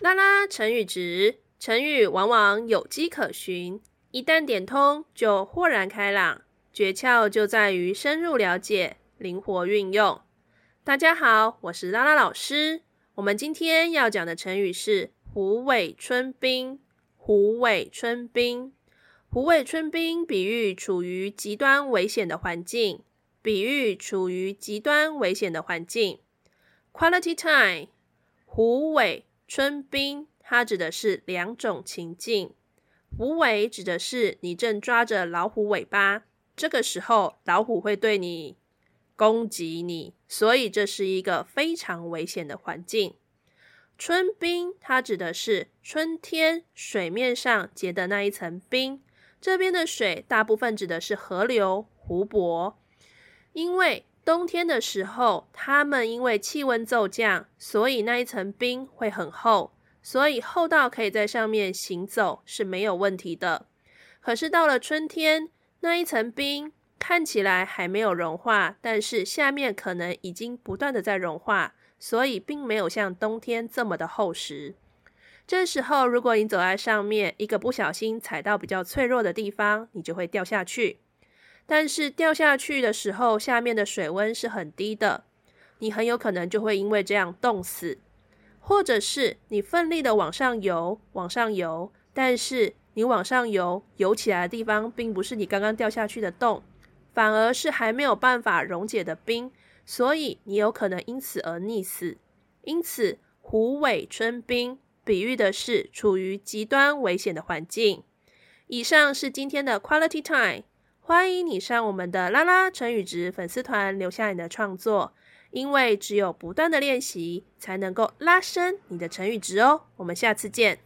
拉拉成語質，成語往往有跡可循，一旦點通就豁然開朗。訣竅就在於深入了解，靈活運用。大家好，我是拉拉老師。我們今天要講的成語是“虎尾春冰」。虎尾春冰”春冰。虎尾春冰比喻處於極端危險的環境。比喻處於極端危險的環境。Quality time，虎尾春冰它指的是兩種情境。虎尾指的是你正抓着老虎尾巴，這個時候老虎會對你攻擊你，所以這是一個非常危險的環境。春冰它指的是春天水面上結的那一層冰。這邊的水大部分指的是河流、湖泊，因為冬天的時候，它們因為氣溫驟降，所以那一層冰會很厚，所以厚到可以在上面行走是沒有問題的。可是到了春天，那一層冰看起來還沒有融化，但是下面可能已經不斷的在融化，所以並沒有像冬天這麼的厚實。這時候，如果你走在上面，一個不小心踩到比較脆弱的地方，你就會掉下去。但是掉下去的時候，下面的水溫是很低的，你很有可能就會因為這樣凍死。或者是你奮力的往上游，往上游，但是你往上游游起來的地方，並不是你剛剛掉下去的洞，反而是還沒有辦法溶解的冰，所以你有可能因此而溺死。因此，虎尾春冰。比喻的是處於極端危險的環境。以上是今天的 Quality Time，歡迎你上我們的拉拉成語質粉絲團留下你的創作，因為只有不斷的練習才能夠拉升你的成語質哦。我們下次見。